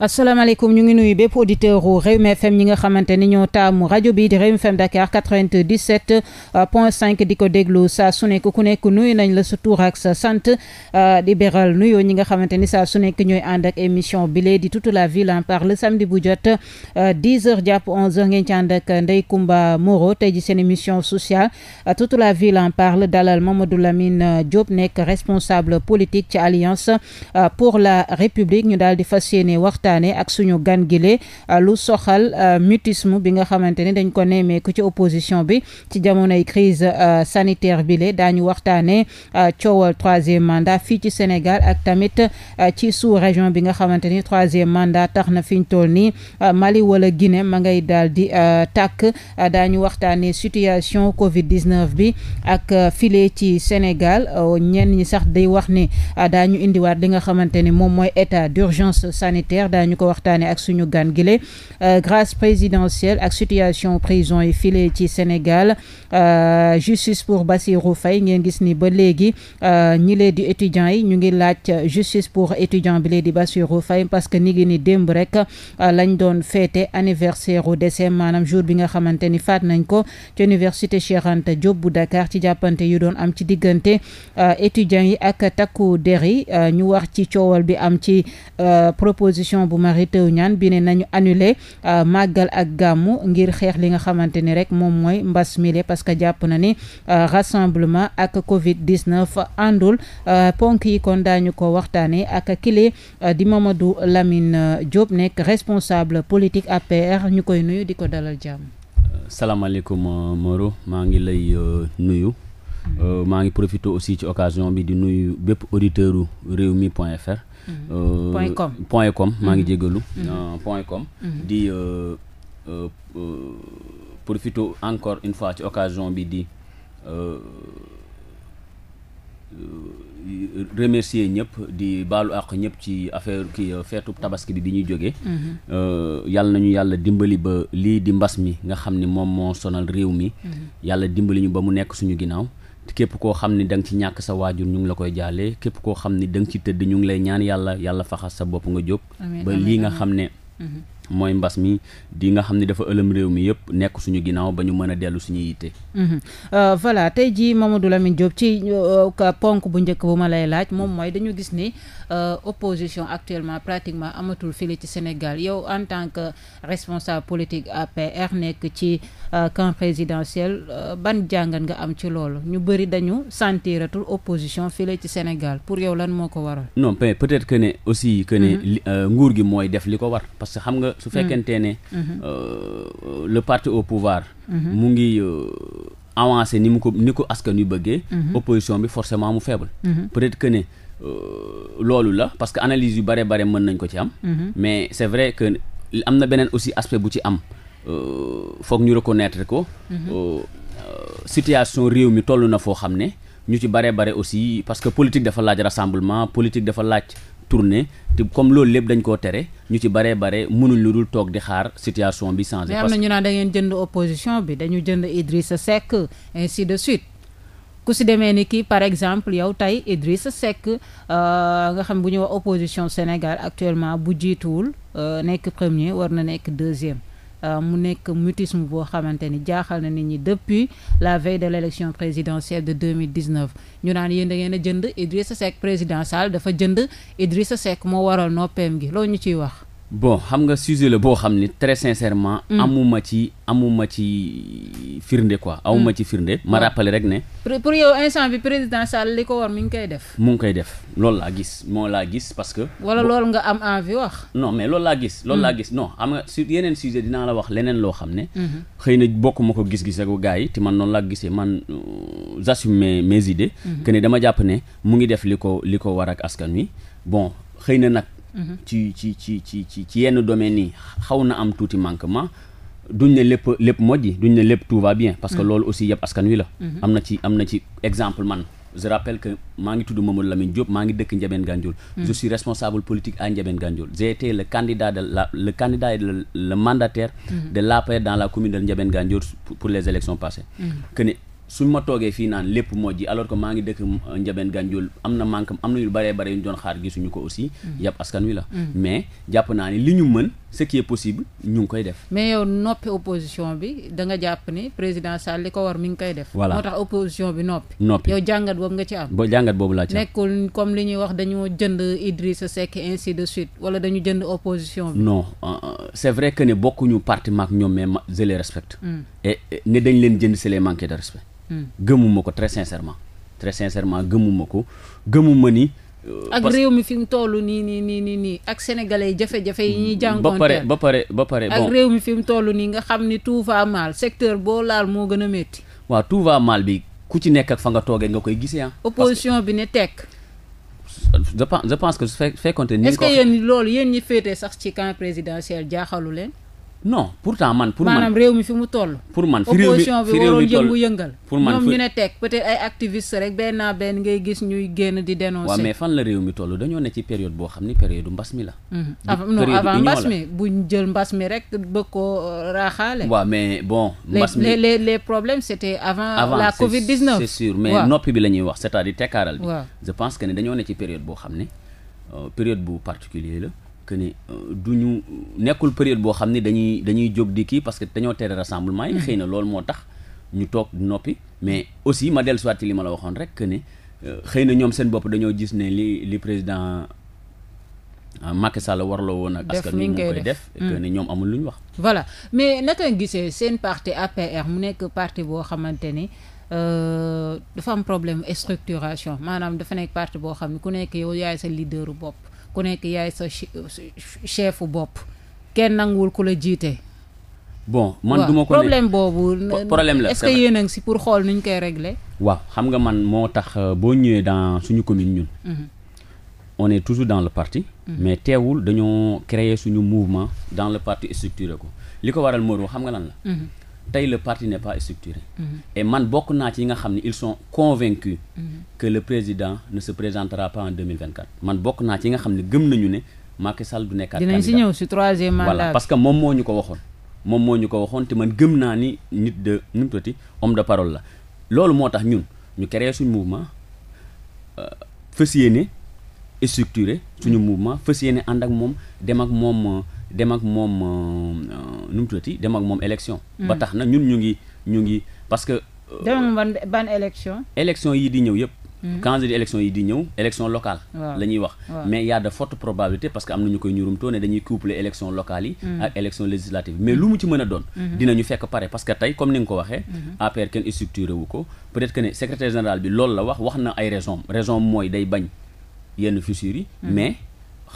asalaamaaleykum ñu ngi nuy bépp auditeur u FM ñi nga xamante ni ñoo taamu rajo bi di Rewmi FM Dakar 97 point 5 di ko déglu saa su nekk ku nekk nuyu nañ la sa tur ak sa sant euh, di beral nuyoo ñi nga xamante ni saa su nekk ñooy ànd ak émission bile di toute la ville en parle samedi bu jot 10 euh, heures jàpp 11 heures ngeen ci ànd ak Ndeye Comba tey ji seen émission sociale euh, toute la ville en parle dalal Mamadou Lamine Diop nekk responsable politique ci Alliance pour la République ñu daal di fas yéene waxtaan waxtaanee ak suñu gan gile euh, lu soxal euh, mutisme bi nga xamante ne dañ ko nemmeeku ci opposition bi ci jamonoy crise euh, sanitaire bi le daañu waxtaanee coowal troisième mandat fii ci Sénégal ak tamit ci sous-région bi nga xamante ni troisième mandat tax na fi ñu toll nii Mali wala Guinée ma ngay daal di tàkk daañu waxtaane situation Covid 19 bi ak file ci Sénégal ñenn ñi sax day wax ni daañu indiwaat li nga xamante moom mooy état d'urgence sanitaire. daañu ko waxtaanee ak suñu gan gile euh, grâce présidentielle ak situation prison yi file ci Sénégal euh, justice pour Bassirou Faye ngeen gis ni ba léegi euh, ñi lee di étudiants yi ñu ngi laaj justice pour étudiant bi lee di Bassirou Faye parce que ni ngi ni démb rek lañ doon fêté anniversaire u décès maanaam jour bi nga xamante ni faat nañ ko ci université Cheikh Anta bu Dakar ci jàppante yu doon am ci diggante étudiants yi ak takku der ñu wax ci coowal bi am ci proposition bu Mary Teuw Niane bi ne nañu annulé euh, màggal ak gàmmu ngir xeex li nga xamante ni rek moom mooy mbas mile parce que jàpp na ni euh, rassemblement ak Covid 19 àndul euh, ponk yi kon daañu ko waxtaanee ak kile di Mamadou Lamine Diop nekk responsable politique APR ñu koy nuyu di ko dalal jàmm. salaamaaleykum maa ngi lay nuyu. Mm-hmm. maa ngi profité aussi ci occasion bi di nuyu bépp auditeuru Rewmi point fr. Euh, point com point com maa ngi mm-hmm. jégalu. Mm-hmm. Ah, point com mm-hmm. di euh, euh, profité encore une fois ci occasion bi di remercier ñëpp di baalu àq ñëpp ci affaire ki feetu tabaski bi bi ñuy jógee. yàlla nañu yàlla dimbali ba lii di mbas mi nga xam ni moom moo sonal réew mi. yàlla dimbali ñu ba mu nekk suñu ginnaaw. képp koo xam ni da nga ci ñàkk sa waajur ñu ngi la koy jaalee képp koo xam ni da nga ci tëdd ñu ngi lay ñaan yàlla yàlla faxas sa bopp nga jóg ba lii nga xam ne mm-hmm. mooy mbas mi di nga xam ne dafa ëlëm réew mi yëpp nekk suñu ginnaaw ba ñu mën a dellu suñuy yitte. Mhm. Euh, voilà tey jii Mamadou Lamine Diop ci euh, ponk bu njëkk bu ma lay laaj moom mooy dañu gis ni euh, opposition actuellement pratiquement amatul fii ci Sénégal yow en tant que responsable politique APR nekk ci camp présidentiel ban jàngat nga am ci loolu ñu bëri dañu sentiratul opposition fii ci Sénégal pour yow lan moo ko waral. non peut-être que ne aussi que ne mhm. nguur gi mooy def li su fekkentee ne mm-hmm. euh, le parti au pouvoir mm-hmm. mu ngi euh, avancé ni mu ko ni ko askan yu bëggee mm-hmm. opposition bi forcément mu faible peut-être que ne euh, loolu la parce que analyse yu bare bare mën nañ ko ci am mais c'est vrai que am na beneen aussi aspect bu ci am foog ñu reconnaître ko situation réew mi toll na foo xam ne ñu ci bare bare aussi parce que politique dafa laaj rassemblement politique dafa laaj tourner te comme loolu lépp dañ koo tere ñu ci baree bare mënuñ lu dul toog di xaar situation bi changé. parce am na ñu naan da ngeen jënd opposition bi dañu jënd Idrissa Seck ainsi de suite. ku si demee ni kii par exemple yow tey Idrissa Seck euh, nga xam bu ñu wax opposition Sénégal actuellement bu jiituwul euh, nekk premier war na nekk deuxième. Euh, mu nekk mutisme boo xamante ni jaaxal na nit ñi depuis la veille de l' élection présidentielle de 2019 ñu naan yéen da ngeen a jënd Idrissa Seck président Sall dafa jënd Idrissa Seck moo waral noppeem gi loolu ñu ciy wax bon xam nga sujet la boo xam ni très sincèrement. Mm. amuma ci amuma ci firnde quoi. amuma mm. ci firnde ma rappale rek ne. pour yow président Sall li ko war mi ngi koy def. mu ngi koy def loolu laa gis moo laa gis parce que. wala lool nga am envie wax. non mais loolu laa gis. loolu mm. laa gis no am nga su yeneen sujet dinaa la wax leneen loo xam ne. Mm-hmm. xëy na bokk ma ko gis-gis ak gars yi te man noonu laa gisee man euh, j'assume mes idées. Mm-hmm. que ne dama jàpp ne mu ngi def li ko li ko war ak askan wi bon xëy na nag. Mhm. ci ci ci ci ci ci yenn domaines yi xaw na am tuuti manquement duñ ne lépp lépp mojji duñ ne lépp tout va bien parce que mhm. loolu aussi yëpp askan wi la mhm. am na ci am na ci exemple man je rappelle que maa ngi tudd Mamadou Lamine Diop maa ngi dëkk Ndiabène Gandiol je suis responsable politique à Ndiabène Gandiol j'ai été le candidat de la le candidat et le de l'APR dans la commune de Ndiabène Gandiol pour les élections passées que suñ ma toogee fii naan lépp moo ji alors que maa ngi dëkk euh, Ndiabène Gandiol am na manque am na yu baree bare ñu doon xaar gisuñu ko aussi. Mm. yàpp askan wi la. Mm. mais jàpp naa ni li ñu mën. ce qui est possible ñu ngi koy def. mais yow noppi opposition bi da nga jàpp ni président Sall li ko war mi ngi koy def. voilà moo tax opposition bi noppi. noppi yow jàngat boobu nga ci am. bo jàngat boobu laa ci am nekkul comme li ñuy wax dañoo jënd idri Idrissa Seck ainsi de suite wala dañu jënd opposition bi. non euh, euh, c'est vrai que ne bokkuñu parti maak ñoom mais ma je les mm. ne dañ leen jënd c'est les manquer de respect. Mm. gëmuma ko très sincèrement. très sincèrement gëmuma ko gëmuma ni. ak réew mi fi mu toll nii nii nii nii nii ak sénégalais jafe-jafe yi ñuy jànkonteel ba pare ba pare ak réew mi fi mu toll nii nga xam ni tout va mal secteur boo laal moo gën a métti waaw tout va mal bi ku ci nekk ak fa nga toogee nga koy gisee ah opposition bi ne tekk je pense je pense que su fekkoonte ni est-ce que yéen loolu yéen ñi féete sax ci camp présidentiel jaaxalu leen non pourtant man. pour man maanaam réew mi fi mu toll. pour man fi réew mi opposition bi waroon yëngu yëngal. pour man ñoom ñu ne teg peut ay activiste rek benn naa benn ngay gis ñuy génn di dénoncer. waaw mais fan la réew mi toll dañoo ne ci période boo xam ni période mbas mi la. Mhm. période avant mbas mi buñ jël mbas mi rek bëgg koo euh, raaxaale. waaw mais bon. mbas mi les les les problèmes c'était avant. la Covid 19 avant mais noppi bi la ñuy wax c'est-à-dire tekkaaral je pense que ne dañoo ne ci période boo xam ne euh, période bu particulier la. que ni euh, du ñu nekkul période boo xam ne dañuy dañuy jóg di kii parce que dañoo tere rassemblement yi mm-hmm. xëy na loolu moo tax ñu toog noppi mais aussi ma dellu soit li ma la waxoon rek que euh, xëy na ñoom seen bopp dañoo gis ne li li président euh, Macky Sall warloo woon ak askan wi mu koy def que mm. ñoom amul lu ñu wax voilà mais naka gisee seen parti APR mu nekk parti boo xamante ni dafa am problème structuration maanaam dafa nekk parti boo xam ne ku nekk yow yaay sa leaderu bopp ku nekk yaay sa chefu bopp kenn nanguwul ku la jiite. bon man ouais. du ma ko problème boobu. problème la est-ce yéen a si pour xool nu koy régle waaw xam nga man moo tax euh, boo ñëwee dans suñu commune ñun. Mhm. on est toujours dans le parti. Mhm. mais teewul dañoo créer suñu mouvement dans le parti structuré ko li ko waral Modou xam nga lan la. Mhm. tey le parti n'est pas structuré mm-hmm. man bokk naa ci yi nga xam ne ils son convaincus mm -hmm. que le président ne se présentera pas en man bokk naa ci yi nga xam ne gëm nañu ne Macky Sall du nekkaat dinañ si ñëw si troisième mandat voilà parce que moom moo ñu ko waxoon moom moo ñu ko waxoon te man gëm naa ni nit de num toti homme de parole la loolu moo tax ñun ñu créé euh, suñu mouvement fas yéene structuré suñu mouvement fës yéene ànd ak moom dem ak moom euh, dem ak moom euh, nu mu ak moom élection. Hmm. ba tax na ñun ñu ngi ñu ngi parce que. Euh, dem ban ban élection. élection yi di ñëw yëpp. quand hmm. je yi di ñëw élection locale la ñuy wax mais y a de fortes probabilités parce que am na ñu koy ñurumtoo ne dañuy coupler élection locale yi hmm. ak élection législative mais lu mu ci mën a doon dinañu fekk pare parce que tey comme ni nga ko waxee APR kenn structuré ko peut-être que ne secrétaire général bi loolu la wax wax na ay raison mooy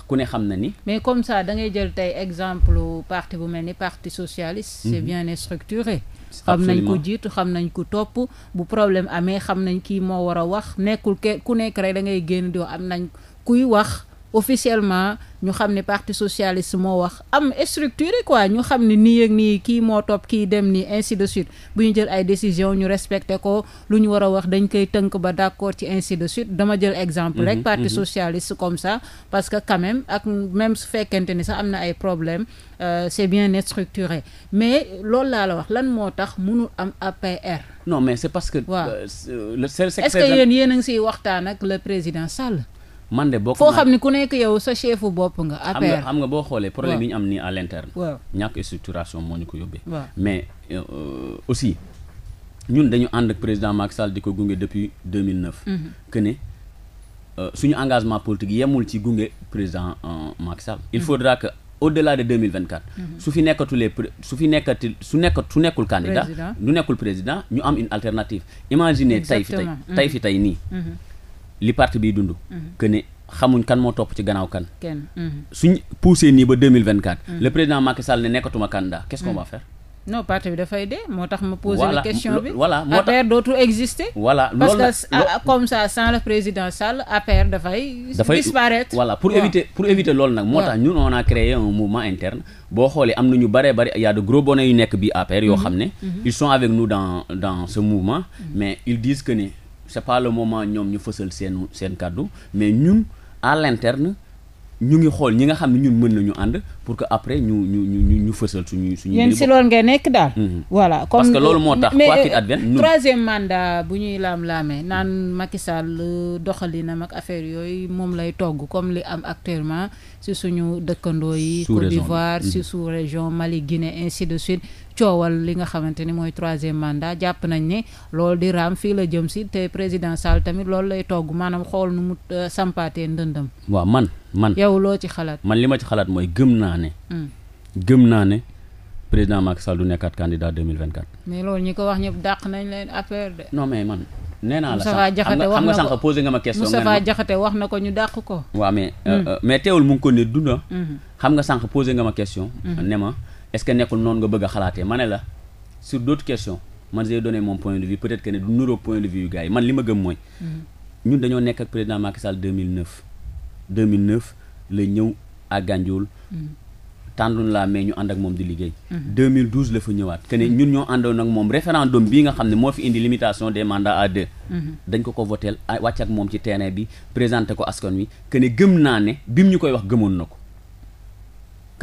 ku ne xam na ni. mais comme ça da ngay jël tey exemple parti bu mel ni parti socialiste. c'est mhm. bien structuré. xam nañ ko jiitu xam nañ ko topp bu problème amee xam nañ kii moo war a wax nekkul ke ku nekk rek da ngay génn di am nañ kuy wax. officiellement ñu xam ne partie socialiste moo wax am structuré quoi ñu xam ne nii ak nii kii moo topp kii dem ni ainsi de suite bu ñu jël ay décision ñu respecté ko lu ñu war a wax dañ koy tënk ba d'accord ci ainsi de suite dama jël exemple rek mhm, parti mhm. socialiste comme ça parce que quand même ak même su fekkente ni sax am na ay problème euh, c'est bien structuré mais loolu laa la wax lan moo tax munu am APR no mais c'est parce que waaw euh, est-ce que yéen a ngi siy waxtaan ak le président Sall man de bokk foo xam ne ku nekk yow sa chefu bopp nga. APR xam nga boo xoolee problème yi ñu am nii à l'interne. waaw ñàkk structuration moo ñu ko yóbbee. mais euh, aussi ñun dañu ànd ak président Macky Sall di ko gunge depuis 2009. Mhm. que ne euh, suñu engagement politique yemul ci gunge président euh, Macky Sall. il mhm. faudra que. au-delà de 2024. Mhm. su fi nekkatulee su fi nekkati su nekkat su nekkul candidat du nekkul président ñu am une alternative imaginez tey fi tey tey fi tey nii li parti biy dund. Mhm. que ne xamuñ kan moo topp ci gannaaw kan. kenn mhm. suñ poussé nii ba deux mille vingt quatre. Mhm. le président Macky Sall ne nekkatuma candidat qu'est-ce va faire. non parti bi dafay dee moo tax ma posé la question bi voilà moo tax APR dootul exister voilà parce que ah, comme ça sans le président pour éviter pour éviter loolu nag moo tax ñun on a créé un mouvement interne boo xoolee am nañu bëree bëri y a gros bonnets yu nekk bi APR yoo xam ne ils sont avec nous dans dans ce mouvement mais ils disent que c'est pas le moment ñoom ñu fësal seen seen kàddu mais ñun à l'interne ñu ngi xool ñi nga xam ne ñun mën nañu ànd pour que après ñu ñu ñu ñu fësal suñu suñu. yéen si loolu nga nekk daal. Mhm. voilà comme parce que loolu moo tax. quoi qu'il advienne troisième mandat bu ñuy laam-laamee naan Macky Sall euh, doxalinam ak affaire yooyu moom lay togg comme li am actuellement si suñu dëkkandoo yi. Côte d'Ivoire si mhm. sous région Mali Guinée ainsi de suite. coowal li nga xamante ni mooy troisième mandat jàpp nañ ne loolu di raam fii la jëm si te président Sall tamit loolu lay togg maanaam xool nu mu euh, sampaatee ndëndam. waaw man. man yow loo ci xalaat. man li ma ci xalaat mooy gëm naa ne. Mm. gëm naa ne président Macky Sall du nekkaat candidat 2024. mais loolu ñi ko wax ñëpp dàq nañ leen affaire de. non mais man. nee naa la sax xam nga posé nga ma question. Moustapha Diakhaté wax na ko ñu dàq ko. waaw mais euh, mm. euh, mais teewul mu ngi ko ne dunda. Mm-hmm. xam nga sànq posé nga ma question. Mm-hmm. ne ma est-ce que nekkul noonu nga bëgg a xalaatee ma ne la sur d'autres questions man j'ai donné mon point de vue peut-être ne du nuroo point de vue yu gars man li ma gëm mooy. Mm-hmm. ñun dañoo nekk ak président Macky Sall 2009. 2009 la ñëw à Gandiol mm. tàndoon laa mais ñu ànd ak moom di liggéey. 2012 mm-hmm. la fa ñëwaat que ne mm-hmm. ñun ñoo àndoon ak moom référendum bii nga xam ne moo fi indi limitation des mandats à mm-hmm. dañ ko ko votel wàcc ak moom ci terrain bi présenté ko askon wi que gëm naa ne bim ñu koy wax gëmoon na ko.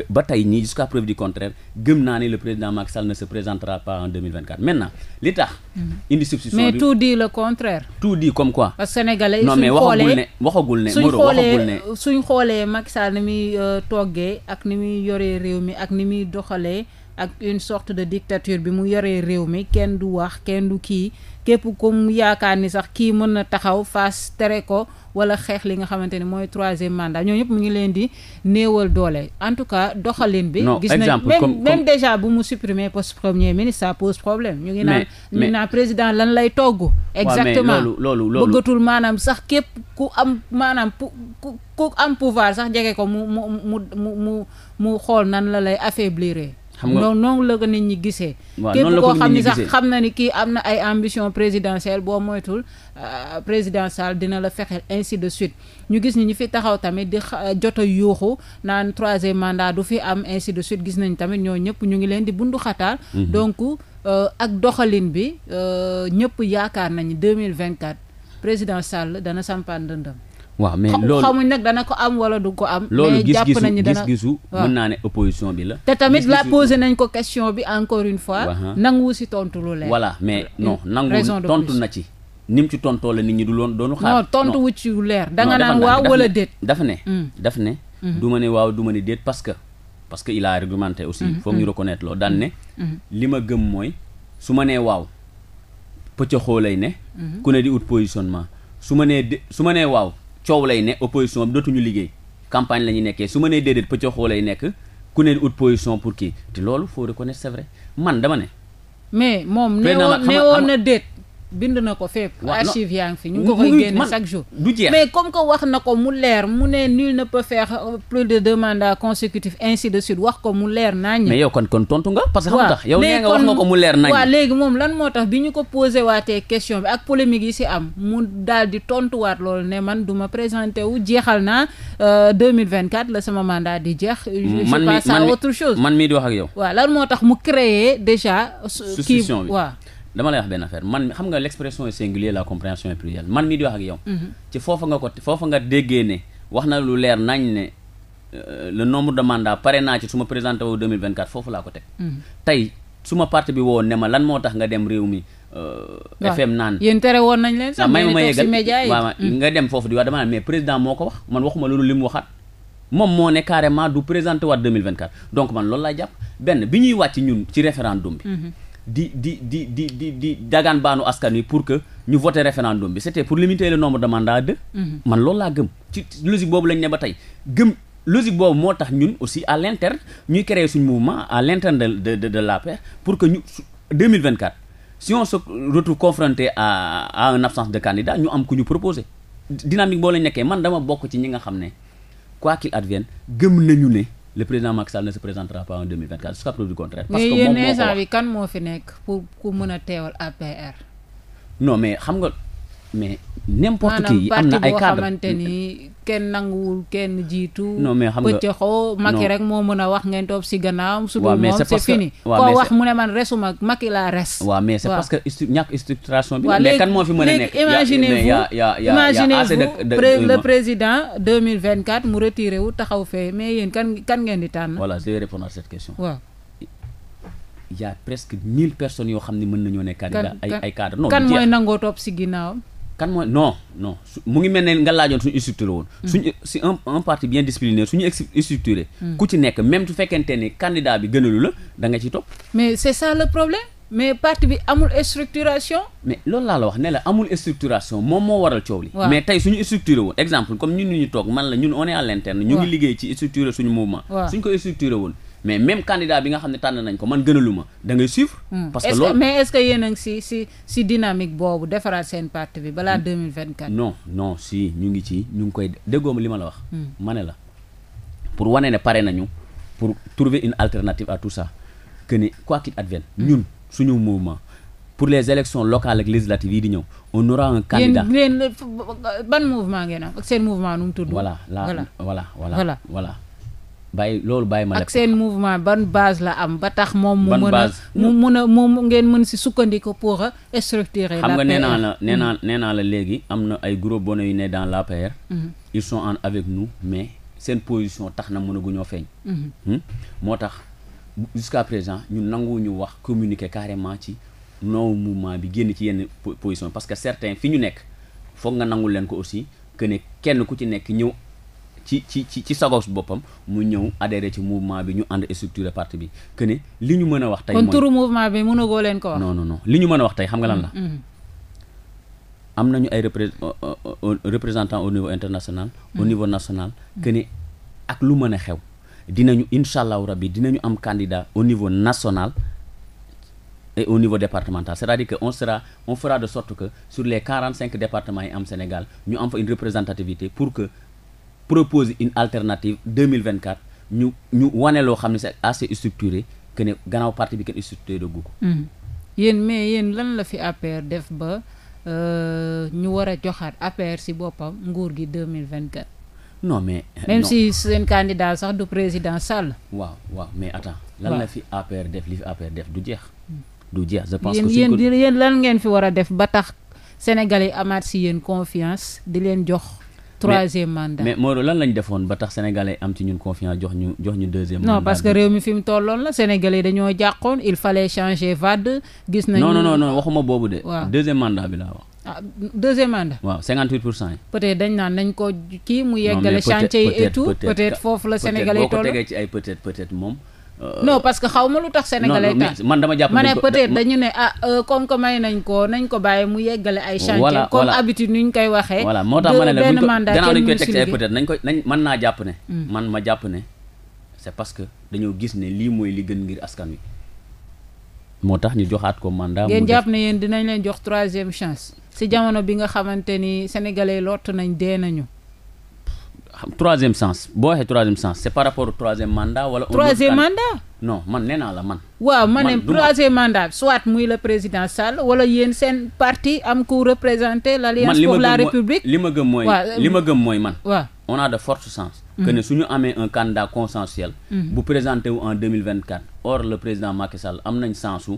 ba tey nii jusqu'à preuve du contraire gëm naa ne le président Macky Sall ne se présentera pas en 2024 maintenant li tax. Mhm. mais tout dit le contraire. tout dit comme quoi. parce que sénégalais non mais waxagul ne ne. Moreau waxagul ne suñ xoolee Macky Sall ni muy euh, toggee ak ni muy yoree réew mi ak ni muy doxalee ak une sorte de dictature bi mu yoree réew mi kenn du wax kenn du kii képp ku yaakaar ni sax kii mën na taxaw face tere ko. wala xeex li nga xamante ne mooy troisième mandat ñoo ñëpp mu ngi leen di néewal doole en tout cas doxalin bi gis nañ même même déjà bu mu supprimer poste premier ministre ça pose problème ñu ngi naan ñu naan président lan lay togg exactement loolu loolu bëggatul maanaam sax képp ku am maanaam ku am pouvoir sax jege ko mu mu mu mu mu xool nan la lay affaiblir xam nga noonu la ko nit ñi gisee. waaw képp koo xam xam na ni kii am na ay ambition présidentielle boo moytul euh, président salle dina la fexeel ainsi de suite ñu gis ñi ñu fi taxaw tamit di euh, jot a yuuxu naan troisième mandat du fi am ainsi de suite gis nañ tamit ñoo ñëpp ñu ngi leen di bundu xataal. Mhm. donc euh, ak doxalin bi ñëpp yaakaar nañu deux mille vingt quatre président Sall dana sampaan dëndam. waaw mais loolu xamuñ nag dana ko am wala du ko am. loolu jàpp nañu dana gis-gisu mën naa ne opposition bi la. te tamit la posé nañ ko question bi encore une fois. nanguwu si tontu lu leer. voilà mais non nangu tontu na ci. ni mu ci tontoo la nit ñi du loon doonu. xaar non tontu wu ci leer. danga nga naan waaw wala déet. dafa ne hmm. dafa ne. Hmm. du ma waaw du ma ne déet parce que. parce que il a argumenté aussi. Hmm. foog ñu reconnaître loolu daan ne. li ma gëm mooy su ma nee waaw pëcc xoo lay ne. ku ne di ut positionnement su ma nee su ma nee waaw. coow lay ne opposition bi ñu liggéey campagne la nekkee su ma nee déedéet pëccoxoo lay nekk ku ne ut position pour kii te loolu faut reconnaître c'est vrai man dama ne. mais moom nee woon nee woon na déet. bind na ko fépp. archive yaa ngi fi ñu ngi ko koy génne chaque jour. du jeex mais comme que wax na ko mu leer mu ne nul ne peut faire euh, plus de deux mandats consécutifs ainsi de suite wax ko mu leer naññ. mais yow kon kon tontu nga. parce que xam tax yow nee nga wax nga ko mu leer naññ. waaw léegi moom lan moo tax bi ñu ko posé waatee question bi ak polémique yi si am mu daal di tontuwaat loolu ne man duma ma présenté wu jeexal naa 2024 euh, la sama mandat di jeex. man mi man mi man mi di wax ak yow. waaw lan moo tax mu créer déjà. Euh, kii waaw. dama lay wax benn affaire man xam nga l' expression est singulière la compréhension mhm. nga ko foofa nga déggee ne wax na lu leer nañ ne euh, le nombre de pare naa ci su ma présenté woo 2024 foofu laa ko teg. Mhm. tey su ma parti bi woo ne ma lan moo tax nga dem réew mi. Euh, FM naan yéen tere woon nañ leen sax. may ma yeggal waaw mhm. nga dem foofu di wax dama naan mais président moo ko wax man waxuma loolu li mu waxaat. moom moo ne carrément du présenté waat 2024 donc man loolu laa jàpp benn bi ñuy wàcc ñun ci référendum bi. di di di di di di dagaan baanu askan wi pour que ñu voté référendum bi c'était pour limiter le nombre de mandats mhm. man loolu laa gëm ci logique boobu lañ ne ba tey gëm logique boobu moo tax ñun aussi à l'interne ñuy créer suñu mouvement à l'interne de de de, de l'APR pour que ñu 2024 si on se retrouve confronté à à une absence de candidat ñu am ku ñu proposé dynamique boo lañ nekkee man dama bokk ci ñi nga xam ne quoi qu'il advienne gëm nañu ne le président Macky Sall ne se présentera pas en 2024 jusqu'à preuve du contraire. parce que moom moo ko kan moo fi nekk pour pour mën a teewal APR. non mais xam nga mais n'importe yi am na ay cadre xamante ni kenn nanguwul kenn jiitu. non mais xam nga pëccëxoo Macky rek moo mën a wax ngeen topp si gannaaw. su dul moom c'est fini. koo wax mu ne man resuma Macky laa res. waaw mais c'est parce que ñàkk structuration bi. mais kan moo fi mën a nekk imaginez-vous imaginez-vous le président mu retiré wu taxaw fee mais yéen kan kan ngeen di tànn. voilà je vais répondre à cette question. waaw. il yoo xam ne mën nañoo ne candidat ay ay mooy nangoo topp si ginnaawam. kan mooy non non mu ngi mel ne nga laajoon suñu structuré woon. Hmm. suñu si un un parti bien discipliné suñu structuré. Hmm. ku ci nekk même su fekkente ni candidat bi gënalu la da nga ci topp. mais c'est ça le problème mais parti bi amul structuration. mais loolu laa la wax ne la amul structuration moom moo waral coow li. mais tey suñu structuré woon exemple comme ñun ñu toog man la ñun on est à l'interne. ñu ngi liggéey ci structuré suñu mouvement. suñ ko structuré woon. mais même candidat bi nga xam ne tànn nañ ko man gënaluma da ngay hmm. parce que loolu mais est ce que yéen a si si boobu defaraat seen parti bi balaa hmm. deux mille vingt quatre. non non si ñu ngi ci ñu ngi koy déggoo ma li ma la wax. Hmm. ma ne la pour wane ne pare nañu pour trouver une alternative à tout sax que ni quoi qu'il advienne. ñun suñu mouvement. pour les élections locales ak législatives yi di ñëw on aura un candidat yéen ban mouvement ngeen am ak seen mouvement nu mu tudd. voilà la voilà voilà voilà. bàyyi loolu bàyyi ma ak seen mouvement ban base la am ba tax moom mu mën a mu mën a moom ngeen mën si sukkandiku pour structurer xam nga nee naa la nee naa mm-hmm. nee naa la léegi am na ay gros bonheur yu ne dans l'APR mm-hmm. ils sont en avec nous mais seen position tax na mën a ñoo feeñ mm-hmm. hmm? moo tax jusqu'à présent ñu nanguwuñu wax communiqué carrément ci non mouvement bi génn ci yenn position parce que certains fi ñu nekk foog nga nangul leen ko aussi que ne kenn ku ci nekk ñëw ci ci ci ci sagos boppam mu ñëw adhéré ci mouvement bi ñu ànd structuré parti bi que ne li ñu mën a wax tey kon turu mouvement bi mënagoo leen ko wax non non non li ñu mën a wax tey xam nga lan la mm-hmm. am nañu ay repré euh, euh, euh, représentant au niveau international au mm-hmm. niveau national que ne ak lu mën a xew dinañu incha allahu rabbi dinañu am candidat au niveau national au niveau départemental c'est-à-dire que on sera on fera de sorte que sur les quarante cinq départements propose une alternative 2024 ñu ñu wane loo xam ne c'est assez structuré que ne gannaaw parti bi kenn structuré de ko hmm. yéen mais yéen lan la fi APR def ba euh, ñu war a joxaat APR si boppam nguur gi 2024 non mais euh, même non. si seen candidat sax du président Sall waaw waaw mais attends lan la fi APR def li fi APR def du jeex hmm. du jeex je pense yéen yéen yéen lan ngeen fi war a def ba tax Sénégal yi amaat si yéen confiance di leen jox troisième mandat mais moo lan lañu defoon ba tax sénégalais am ci ñun confiance jox ñu jox ñu deuxième. mandat non parce que réew mi fi mu tolloon la sénégalais dañoo jàqoon il fallait changer Wade. gis nañu non no non waxuma boobu de. waaw deuxième mandat bi laa wax. ah deuxième mandat. waaw 58 pour cent yi. peut-être dañ naan nañ ko kii mu yeggale chantier yi et peut-être foofu la sénégalais toll boo ko tegee ci ay peut-être peut-être moom. Euh, non parce que xaw ma lu tax sénégalais tax man dama jàpp ma ne peut-être dañu ne ah euh, comme que may nañ ko nañ ko bàyyi mu yeggale ay chantier comme habitude ni ñu koy waxee voilà moo tax ma ne la benn mandat gannaaw dañ koy teg peut-être nañ ko naa jàpp ne hmm. man ma jàpp ne c'est parce que dañoo gis ne lii mooy li gën ngir askan wi moo tax ñu joxaat ko mandat ngeen jàpp ne yéen dinañ leen jox troisième chance si jamono bi nga xamante ni sénégalais lott nañ dee nañu xam troisième sens boo waxee troisième sens c'est par rapport au troisième mandat wala. troisième mandat. non man nee la man. waaw man ne troisième mandat soit muy le président Sall wala yéen seen parti am ku représenter l'alliance pour la république. li ma gëm mooy li ma gëm mooy man. waaw on a de fortes chances. que su ñu amee un candidat consensuel. Mm-hmm. bu présenté en or le président Macky Sall am nañ chance su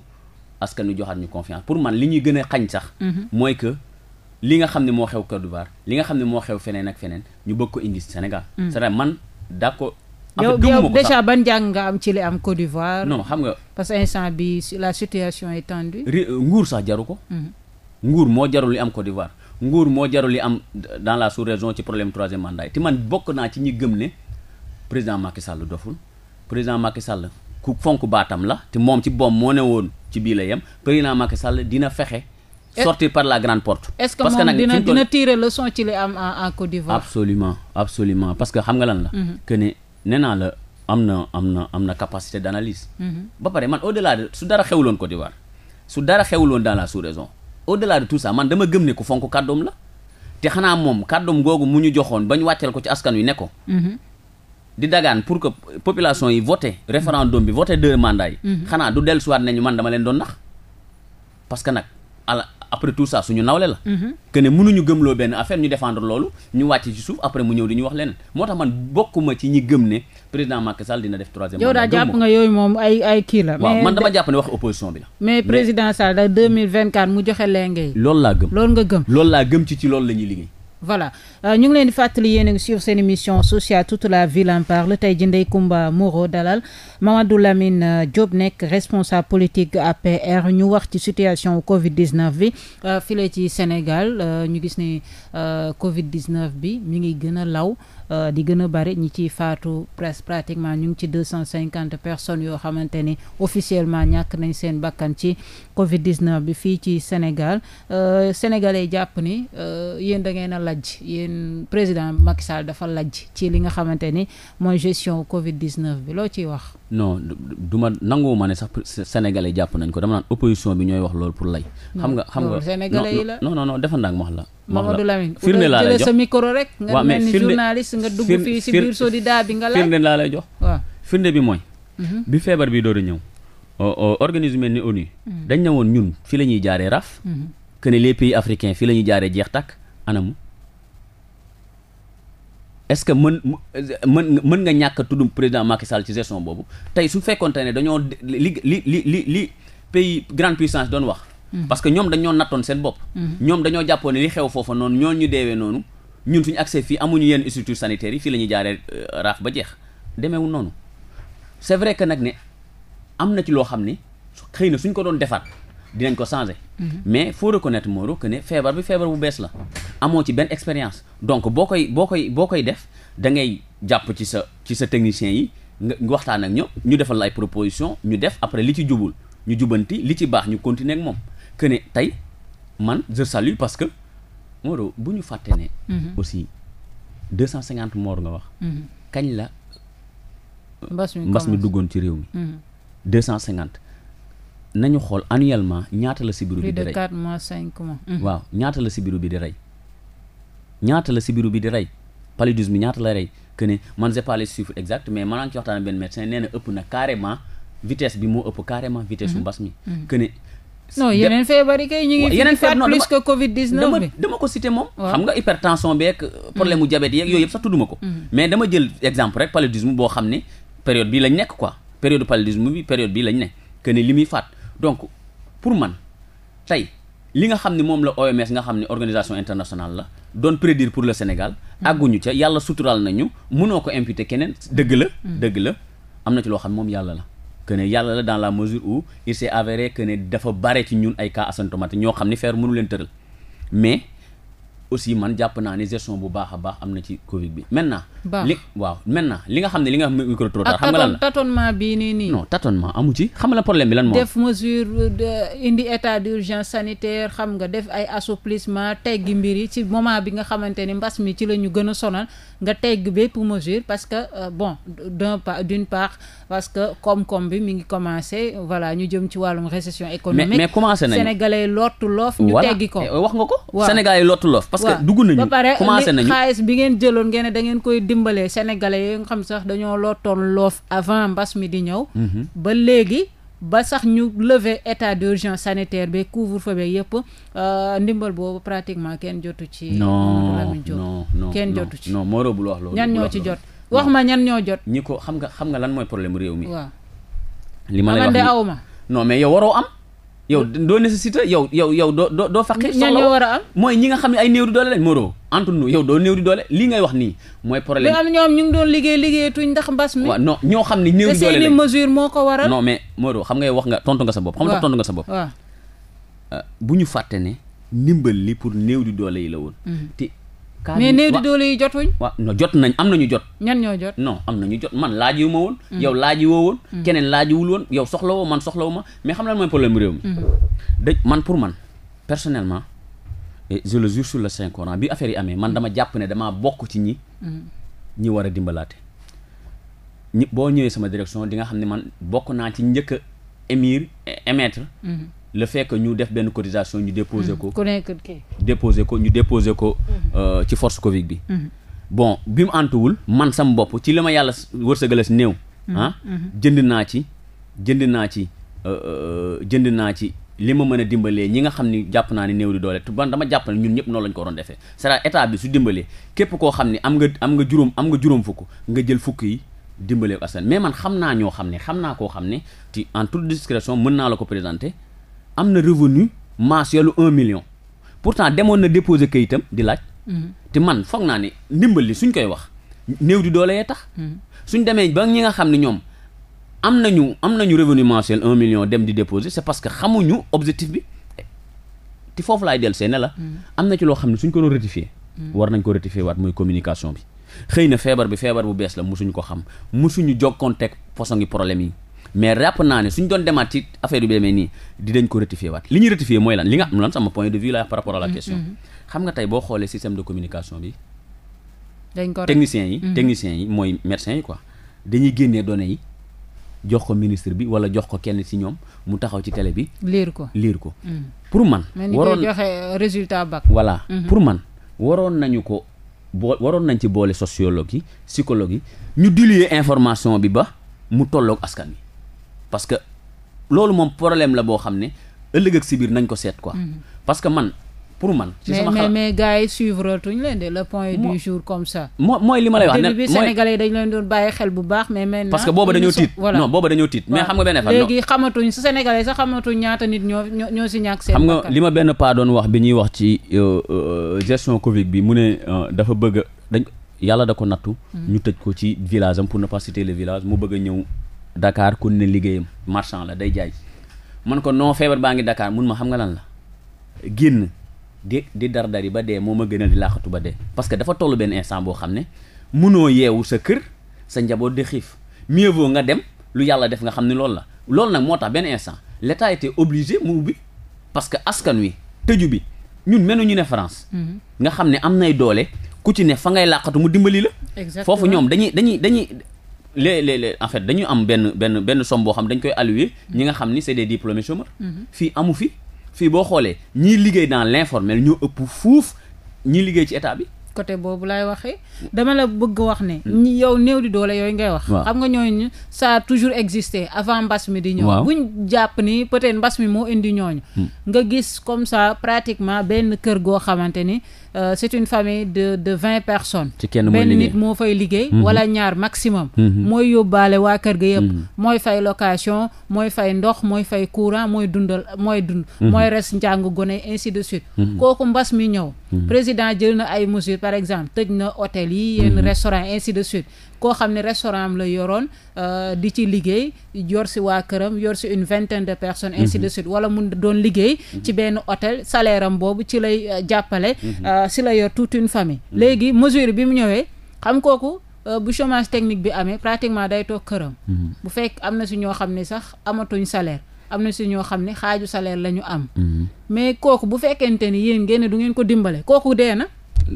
askan wi joxaat ñu confiance pour man li ñuy gën a xañ sax. Mm-hmm. mooy que. li nga xam ne moo xew Côte d'Ivoire li nga xam ne moo xew feneen ak feneen ñu bëgg ko indi Sénégal. Mm. c'est-à-dire man d'accord. yow yow déjà ban jàng nga am ci li am Côte d'Ivoire. non xam nga. parce que instant bi la situation est tendue. Euh, nguur sax jaru ko. Mm-hmm. nguur moo jarul yi am Côte d'Ivoire nguur moo jarul li am dans la sous-région ci problème troisième mandat yi man bokk naa ci ñi gëm ne président Macky Sall doful président Macky Sall ku fonk baatam la te moom ci boom moo ne woon ci bii la yem président Macky Sall dina fexe. sortir par la grande porte. parce que nag est-ce que moom dina dina tirer leçon ci li am en Côte d'Ivoire. absolument absolument xam nga lan la. Mhm. que ne la am na am na am d'analyse. Mhm. ba pare man au-delà de su dara xewloon Côte d'Ivoire su dara xewloon dans la sous-région au-delà de tout ça man dama gëm ne ku fonk kàddoom la te xanaa moom kàddoom googu mu ñu joxoon ba ñu wàcceel ko ci askan wi ne mhm. di dagaan pour que population yi voté référendum bi voté deux mandats yi. xanaa du dellusiwaat nañu man dama leen doon nax parce après tout ça suñu nawle la. Mhm. que ne mënuñu gëmloo benn affaire ñu défendre loolu ñu wàcc ci suuf après mu ñëw di ñu wax leen moo tax man bokkuma ci ñi gëm ne président Macky Sall dina def troisième. yow daa jàpp nga yooyu moom ay kii la. waaw man dama jàpp ne wax opposition bi la. mais président Sall da 2024 mu joxe lenge yi. loolu laa gëm loolu nga gëm. loolu laa gëm ci ci loolu la ñuy liggéey. voilà euh, ñu ngi leen di fàttali yéen a ngi seen émission sociale toute la ville en parle tey ji Ndeye Comba Moreau dalal Mamadou Lamine euh, Diop nekk responsable politique APR ñu wax ci situation Covid 19 bi euh, file ci Sénégal ñu gis ne Covid 19 bi mi ngi gën a law di gën a bari ñi ciy faatu presque pratiquement ñu ngi ci deux cent cinquante personnes yoo xamante ni officiellement ñàkk nañ seen bakkan ci Covid 19 bi fii ci Sénégal sénégalais jàpp ni yéen da ngeen président Macky dafa lajj ci li nga xamante ni mooy gestion Covid 19 bi loo ciy wax. non du ma nanguwuma ne sax sénégalais jàpp nañ ko dama naan opposition bi ñooy wax loolu pour lay. xam nga xam nga sénégalais yi la non non non defe naa ma firnde laa lay jox firnde bi mooy. Mhm. bi feebar bi door a ñëw. organisme ni ONU. Mhm. dañ ne woon ñun fi la ñuy jaaree raf. Mhm. que pays africains fi la ñuy jeex tàkk anamu. est-ce que mën mën mën nga ñàkk a président Macky Sall ci gestion boobu tey su fekkonte ne dañoo li li li li li pays grande puissance doon wax. Mm-hmm. parce que ñoom dañoo nattoon seen bopp. Mm-hmm. ñoom dañoo jàppoon ne li xew foofa noonu ñoo ñu deewee noonu ñun suñu accès fii amuñu yenn structure sanitaire yi fii la ñuy jaaree euh, raaf ba jeex demeewul noonu c'est vrai que nag ni am na ci loo xam ni xëy na suñ ko doon defar. dinañ ko changer. Mhm. mais faut reconnaître Moreau que ne feebar bi feebar bu bees la. amoo ci benn expérience donc boo koy boo koy boo koy def dangay jàpp ci sa ci sa technicien yi nga waxtaan ak ñoom ñu defal la ay proposition ñu def après li ci jubul ñu jubanti li ci baax ñu continuer moom que ne tey man je salue parce que Moreau bu ñu fàtte ne. Mhm. aussi cent cinquante morts nga wax. Mhm. kañ la. mbas mi duggoon ci réew mi. deux cent cinquante. nañu xool annuellement ñaata la sibiru bi di rey plus de 4 mois 5 mois. Mhm. waaw ñaata la sibiru bi di rey ñaata la sibiru bi di rey paludisme bi ñaata la rey que ne man j'ai pas les a exacts mais maanaam ci waxtaan benn médecin nee ëpp na carrément vitesse bi moo ëpp carrément vitesse bu mhm. mbas mi. Mhm. que yeneen feebar kay ñu ngi. yeneen feebar plus que Covid 19 dama ko cité moom. xam nga hypertension beeg. problème mu diabète yeeg yëpp sax tudduma ko. mais dama jël exemple rek paludisme boo xam ne période bi lañ nekk que donc pour man tey li nga xam ne moom la OMS nga xam ne organisation internationale la doon prédire pour le Sénégal. Mm. àgguñu ca yàlla suturaal nañu munoo ko imputer keneen dëgg la. Mm. dëgg la am na ci loo xam ne moom yàlla la. que ne yàlla la dans la mesure où il s'est avéré que ne dafa bare ci ñun ay cas asymptomatiques ñoo xam ni feer mënu leen tëral mais. aussi man jàpp naa ne gestion bu baax a baax am na ci Covid bi maintenant. li waaw maintenant li nga xam ne li nga xam ne micro trottoir. Ah, xam nga lan la ak tâtonnement bii nii nii. non tâtonnement amu ci xam nga la problème bi lan moo. def mesure de indi état d'urgence sanitaire xam nga def ay assouplissement teggi mbir yi ci moment bi nga xamante ni mbas mi ci la ñu gën a sonal nga tegg bépp mesure parce que euh, bon d'un part d'une part parce que koom-koom bi mi ngi commencé voilà ñu jëm ci wàllum récession économique. mais mais commencé nañu Sénégalais lottu loof. ñu teggi ko eh, wax nga ko. Sénégalais lottu loof parce que dugg nañu commencé nañu ba pare xaalis bi ngeen jëloon ngeen ne da ngeen koy dimbalee sénégalais yi nga xam sax dañoo lootoon loof avant mbas mi di ñëw. Mhm. ba léegi ba sax ñu lever état d'urgence sanitaire bi couvre-feu bi yëpp euh, ndimbal boobu pratiquement kenn jotu ci. non non non kenn jotu ci. non moo robul wax loolu. ñan ñoo ci jot wax ma ñan ñoo jot. ñi ko xam nga xam nga lan mooy problème réew mi. waaw li de aw ma. mais yow waroo am. yow hmm. doo nécessité yow yow yow doo doo doo war a mooy ñi nga xam ne ay néew di doole lañ Modo entre nous yow doo néew di doole lii ngay wax nii mooy problème am ñoom ñu ngi doon liggéey liggéeyatuñ ndax mbas mi waaw non ñoo xam ne néew di moo ko waral non mais Modo xam ngay wax nga tontu nga sa bopp xam nga tontu nga sa bopp euh, bu ñu fàtte ne ndimbal li pour néew di doole yi la woon hmm. mais néew di doole yi jotuñ waaw non jot nañ am nañu jot ñan ñoo jot non am nañu jot man laaj wu ma woon yow laaj woo woon keneen laaj wul woon yow soxla woo man soxla wu ma mais xam lan mooy problème réew mi mm. dëj man pour man personnellement et le jure sur le Saint Coran bi affaire yi amee man dama jàpp ne damaa bokk ci ñi mm. ñi war a dimbalaate ñi boo ñëwee sama direction di nga xam ne man bokk naa ci njëkk a émir le fekk ñu def benn cotisation ñu déposer hmm. ko. ku nekk déposer ko ñu déposer ko. Hmm. Euh, ci force Covid bi. Hmm. bon bi mu antuwul man sama bopp ci li ma yàlla wërsëgale si néew. Ah, jënd naa ci jënd naa ci euh, euh, jënd naa ci li ma mën a dimbalee ñi nga xam ni jàpp naa ni néew di doole te ban dama jàpp ne ñun ñëpp noonu lañ ko doon defee cest à bi su dimbalee képp koo xam ni am nga am nga juróom am nga juróom fukk nga jël fukk yi. dimbalee ko askan mais man xam naa ñoo xam ne xam naa koo xam ne ci en toute discrétion mën naa la ko présenter am na revenu mensuel un million pourtant demoon na déposer kayitam di laaj. Mhm. te man foog naa ni ndimbal li suñ koy wax néew di doole yee tax. Mhm. suñ demee ba ñi nga xam ne ñoom am ñu am na ñu revenu mensuel un million dem di déposé c'est parce que xamuñu objectif bi ti foofu laay dellu see ne la. Mhm. am na ci loo xam ne suñ ko doon rectifier. war nañ ko rectifier waat mooy communication bi. xëy na feebar bi feebar bu bees la musuñu ko xam musuñu jokkoonteeg façon ngi problème yi mais ràpp naa ne suñ doon demaat ci affaire yu demee nii dinañ ko rectifier waat li ñuy rectifier mooy lan li nga am lan sama point de vue la par rapport à la mm-hmm. question xam nga tey boo xoolee système de communication bi dañ ko techniciens yi mm-hmm. techniciens yi mooy médecins yi quoi dañuy génnee données yi jox ko ministre bi wala jox ko kenn ci ñoom mu taxaw ci télé bi liir ko liir ko mm. pour man waroon joxe euh, résultat bac voilà mm-hmm. pour man waroon nañu ko boo waroon nañ ci boole sociologue yi psychologue yi ñu diluer information bi ba mu tolloog askan wi parce que loolu moom problème la boo xam ne ëllëg ak si biir nañ ko seet quoi. Mhm. parce que man pour man. ci sama xalaat mais mais gars yi suivre tuñ leen de le point du jour comme ça. moo mooy li ma lay wax ne xel bu baax mais. maintenant parce que booba dañoo tiit non booba dañoo tiit mais xam nga benn fan. léegi xamatuñ si Sénégalais sax xamatuñ ñaata nit ñoo ñoo si ñàkk seen. xam nga li ma benn paa doon wax bi ñuy wax ci euh, euh, gestion Covid bi mu ne euh, dafa bëgg dañ yàlla da ko nattu. Hmm. ñu tëj ko ci village am pour ne pas le village mu bëgg a ñëw. Dakar kon ne liggéeyam marchand la day jaay man ko non feebar baa ngi Dakar mun ma xam nga lan la génn di di dar dar yi ba dee moo ma gënal di ba dee parce que dafa toll benn instant boo xam ne munoo yeewu sa kër sa njaboot di xiif mieux vaut nga dem lu yàlla def nga xam ne lool la lool nag moo tax benn instant l'État était obligé mu ubbi parce que askan wi tëju bi ñun mel ñu ne France mhm. nga xam ne am nay doole ku ci ne fa ngay làqatu mu dimbali les les les en fait dañu am benn benn benn somme boo xam dañ koy allouer ñi nga xam ni c'est des diplômés chômeurs. Mm-hmm. fii amu fi fii boo xoolee ñiy liggéey dans l'informel ñoo ëpp fuuf ñiy liggéey ci état bi. côté boobu laay waxee dama la bëgg wax ne. Mm. yow néew di doole yooyu ngay wax. xam nga ñooñu ça toujours existé avant mbas mi di ñëw. buñ jàpp ni peut-être mbas mi moo indi ñooñu. Mm. nga gis comme ça pratiquement benn kër goo xamante ni. euh, c'est une famille de de vingt personnes benn nit moo fay liggéey mhm. wala ñaar maximum mhm. mooy yóbbaale waa kër gi yëpp mhm. mooy fay location mooy fay ndox mooy fay courant mooy dundal mooy dund mooy res njàng gone ainsi de suite kooku mbas mi ñëw président jël na ay mesures par exemple tëj na hôtel yi yenn restaurant ainsi de suite koo xam ne restaurant am la yoroon euh, di ci liggéey yor si waa këram yor si une vingt vingtaine de personnes ainsi de mhm. suite wala mun doon liggéey mhm. ci benn hôtel salaire am boobu ci lay euh, jàppale mhm. euh, si la yor tout une famille léegi mesure bi mu ñëwee xam kooku bu chômage technique bi amee pratiquement day toog këram bu fekk am na si ñoo xam ne sax amatuñ salaire am na si ñoo xam ne xaaju salaire la ñu am mais kooku bu fekkente ni yéen ngeen du ngeen ko dimbale kooku dee na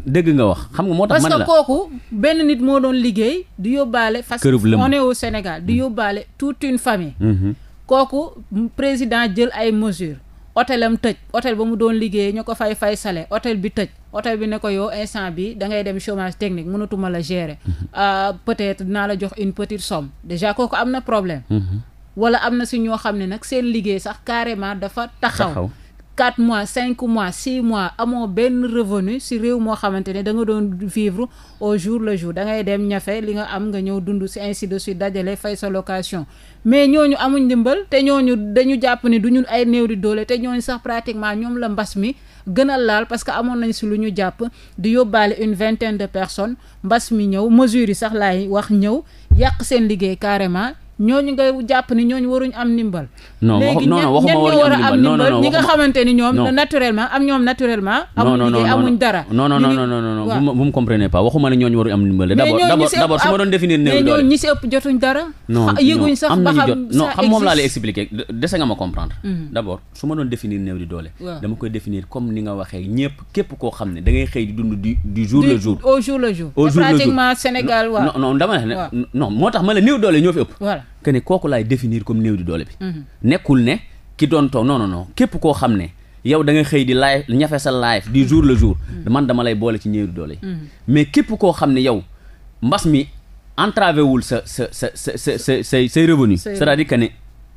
dëgg nga wax xam nga moo tax. man la parce kooku benn nit moo doon liggéey. di yóbbaale parce que on est au Sénégal di mm-hmm. yóbbaale tout tune famille. Mm-hmm. kooku président jël ay mesures. hôtelam tëj hôtel ba mu doon liggéeyee ñu ko fay fay sale hôtel bi tëj hôtel bi ne ko yow instant bi da ngay dem chômage technique mënatuma la gérer mm-hmm. euh, peut-être dinaa la jox une petite somme déjà kooku am na problème wala am na si ñoo xam ne nag seen liggéey sax carrément dafa taxaw 4 mois cinq mois 6 mois amoo benn revenu si réew moo xamante ne da nga doon vivre au jour le jour da dem ñafe li nga am nga ñëw dund si ainsi de suite dajale fay sa location mais ñooñu amuñ ndimbal te ñooñu dañu jàpp ni du ñu ay néew di doole te ñooñu sax pratiquement ñoom la mbas mi gënal laal parce que amoon nañ si lu ñu jàpp di yóbbaale une vingtaine de personnes mbas mi ñëw mesures yi sax laay wax ñëw yàq seen liggéey carrément ñooñu nga jàpp ni ñooñu waruñ am ndimbal. non non waxuma nga xamante ni ñoom. naturellement am ñoom naturellement. amuñ liggéey amuñ dara. non non non non non non vous me comprenez pas waxuma ne ñooñu waruñ am ndimbal. d'abord d'abord su ma doon définir néew doole ne da ngay xëy di dund du du moo tax ma la néew doole ñoo fi ëpp. que ne kooku laay définir comme néew di doole bi. Mhm. nekkul ne ki doon toog non non non képp koo xam ne yow da nga xëy di live ñafe sa live di jour le jour. Mhm. man dama lay boole ci néew di doole. Mhm. mais képp koo xam ne yow mbas mi entravé wul sa sa sa sa sa say say revenu. c'est-à-dire que ne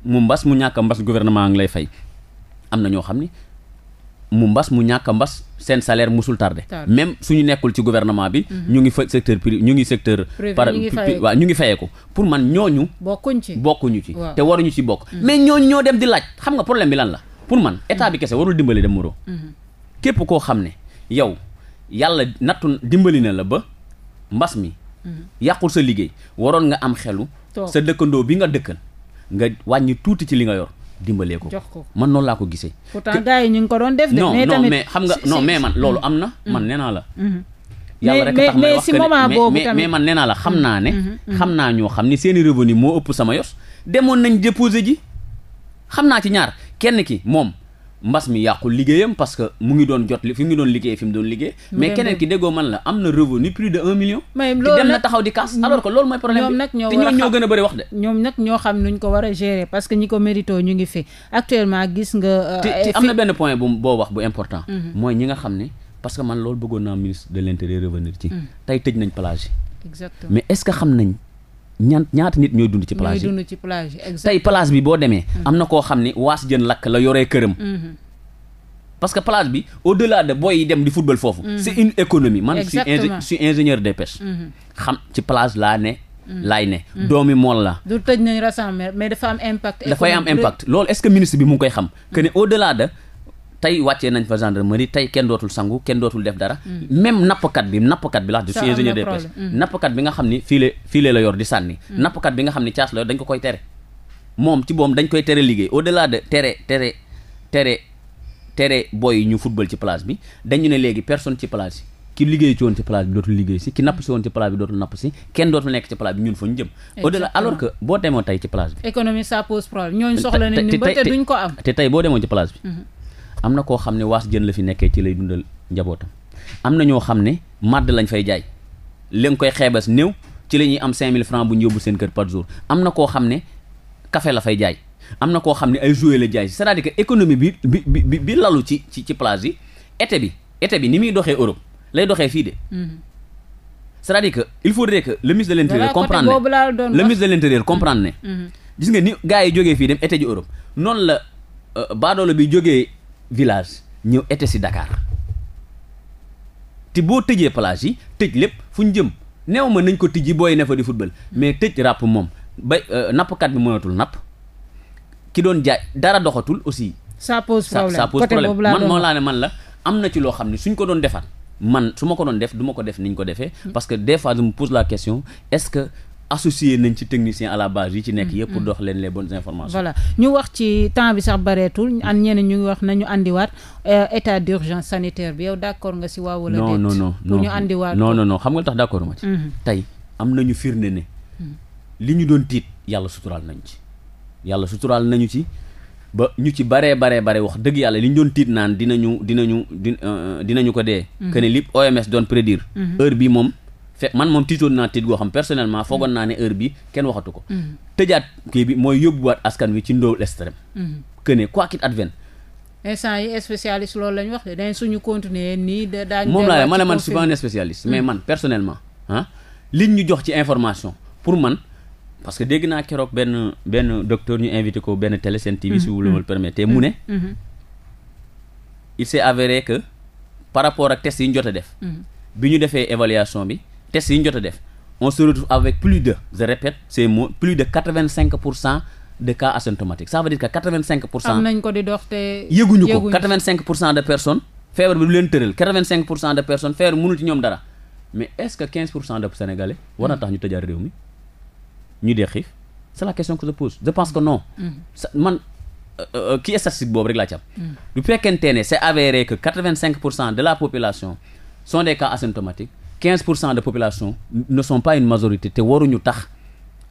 mu mbas mu ñàkk mbas gouvernement ngi lay fay am na ñoo xam ne. mu mbas mu ñàkk a mbas seen salaire musul tardé même ñu nekkul ci gouvernement bi mhm. ñu ngi fa secteur privé ñu ngi secteur par waa ñu ngi ko pour man ñooñu bokkuñ ci bokkuñu ci te waruñu ci bokk mhm. mais ñooñu ñoo dem di laaj xam nga problème bi lan la pour man état bi kese warul dimbali dem mhm. muroo képp koo xam ne yow yàlla nattu dimbali na la ba mbas mi yàqul sa liggéey waroon nga am xelu sa dëkkandoo bi nga dëkkal nga wàññi tuuti ci li nga yor dimbalee ko man noonu laa ko gisee. pourtant gars yi ñu ngi ko doon def. non non mais xam nga non mais man loolu am na. Mm-hmm. man nee naa la. Mm-hmm. yàlla rek tax may wax que mais mais man nee naa la xam mm-hmm. naa ne. xam naa ñoo xam ni seeni revenu moo ëpp sama yos. demoon nañ déposer ji xam naa ci ñaar kenn ki moom. mbas mi yàqul liggéeyam parce que mu ngi doon jot fi mu ngi doon liggéey fi mu doon liggéey mais keneen ki déggoo man la am na revenu plus de un million te dem na taxaw di kaas alors que loolu mooy problème bi te euh, am na benn point bu boo wax bu important mhm. mooy ñi nga xam ne parce que man loolu bëggoon naa ministre de l'intérieur revenir ci mhm. tey tëj nañ plage exactement mais est que xam nañ ñan ñaata nit ñooy dund ci plage yi ñooy dund ci plage yi exactement bi boo demee. Mm-hmm. am na koo xam ni waas jën lakk la yoree këram. Mm-hmm. parce que plage bi au delà de booy dem di football foofu. Mm-hmm. c' est une économie man. exactement suis ingénieur des pêches. xam ci plage laa ne. laay ne doomi mool la. du tëj nañu rassemblement mais dafa am impact. dafay am impact loolu est que ministre bi mu ngi koy xam. que ne au delà de. tey wàccee nañ fa gendarmerie tey kenn dootul sangu kenn dootul def dara. Mm. même nappkat bi nappkat bi la je suis ingénieur des pêches mm. nappkat bi nga xam ni fiile fiile la yor di sànni. Mm. nappkat bi nga xam ni caas la yor dañ ko koy tere. moom ci boom dañ koy tere liggéey de tere tere tere tere booy ñu football ci plage bi dañu ne léegi personne ci plage yi. ki liggéey ci woon ci place bi dootul liggéey si ki napp si woon ci place bi dootul napp si kenn dootul nekk ci place am na koo xam ne waas jën la fi nekkee ci lay dundal njabootam am na ñoo xam ne màdd lañ fay jaay li nga koy xeebas néew ci la ñuy am 5000 francs bu ñu yóbbu seen kër par jour am na koo xam ne café la fay jaay am na koo xam ne ay jouet la jaay c'est-à-dire que bi bi bi lalu ci ci ci place yi été bi été bi ni muy doxee Europe lay doxee fii de. sa à dire il faudrait que le ministre de l'intérieur comprendre ne le mm-hmm. ministre gis nga ni gars yi jógee fii dem été ji Europe noonu la euh, baadoolo bi jógee village ñëw été si Dakar te boo tëjee plage yi tëj lépp fu ñu jëm neew ma nañ ko tijji booy ne di football mais tëj ràpp moom ba bay euh, nappkat bi mënatul napp ki doon jaay dara doxatul aussi. ça pose problème ça pose problème man moo laa ne man la am na ci loo xam ne suñ ko doon defaat man su ma ko doon def du ma ko def ni ñu ko defee. Mm. parce que des fois je me pose la question est-ce que associé nañ ci technicien à la base yi ci nekk mm, yëpp pour mm. dox leen les bonnes informations voilà ñu wax ci temps bi sax bareetul mm. an ñeneen ñu wax nañu àndiwaat euh, état d'urgence sanitaire bi yow d'accord nga si waaw wala déet non non non ñu non non xam nga tax d'accord ma ci mm-hmm. tey am na ñu firnde ne li ñu doon tiit yàlla suturaal nañu ci yàlla suturaal nañu ci ba ñu ci baree baree bare wax dëgg yàlla li ñu doon tiit naan dinañu dinañu di euh, dinañu ko dee que ne li OMS doon fe man moom tiitoon naa tiit goo xam personnellement foogoon naa ne heure bi kenn waxatu ko mm. tëjaat kii bi mooy yóbbuwaat askan wi ci ndóol extrême mm. que ne quoi qu'il advienne instant yi spécialiste loolu lañ wax de dañ suñu continuer nii daañu moom laa ma ne man je suis pas un spécialiste mais mm. man personnellement ah liñ ñu jox ci information pour man parce que dégg naa keroog benn benn docteur ñu invité ko benn télé seen TV si mu ne mm-hmm. il s'est que par rapport ak test yi ñu bi ñu defee évaluation bi tests yi ñu jot a def on se retrouve de cas asymptomatiques ça veut dire que pour cent. pour cent de personnes. feebar bi leen tëral pour cent de personnes feebar bi mënul ñoom dara mais est que pour cent de sénégalais. war na tax ñu tëjaat réew mi ñu dee xiif c' la question que je pose je pense que non. Mm. man. Euh, euh, kii statistique boobu rek laa ci am. bu mm. fekkente ne c' est avéré que quatre pour cent de la population sont des cas asymptomatiques quinze pour cent de population ne sont pas une majorité te waruñu tax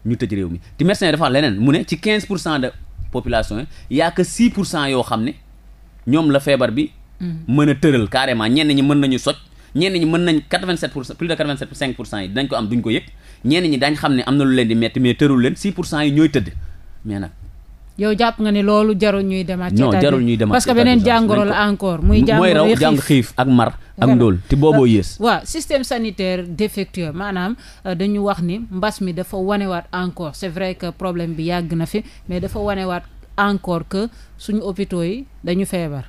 ñu tëj réew mi te médecin dafa leneen mu ne ci quinze pour cent de population yi y six pour cent yoo xam ne ñoom la feebar bi mm. mën a tëral carrément ñenn ñi mën nañu soj ñenn ñi mën nañ quatre-vingt-sept pour cent plus de quatre-vingt-sept pour cent yi dinañ ko am duñ ko yëg ñenn ñi daañ xam ne am na lu leen di metti mais tërul leen six pour cent yi ñooy tëdd yow jàpp nga ne loolu jarul ñuy demaat. non jarul ñuy demaat parce que beneen jàngoro la encore. muy jàngoro yi jàng xiif ak mar. ak ndóol te booboo yées. waaw système sanitaire défectueux maanaam euh, dañu wax ni mbas mi dafa wanewaat encore c'est vrai que problème bi yàgg na fi mais dafa wane wanewaat encore que suñu hôpitaux yi dañu feebar.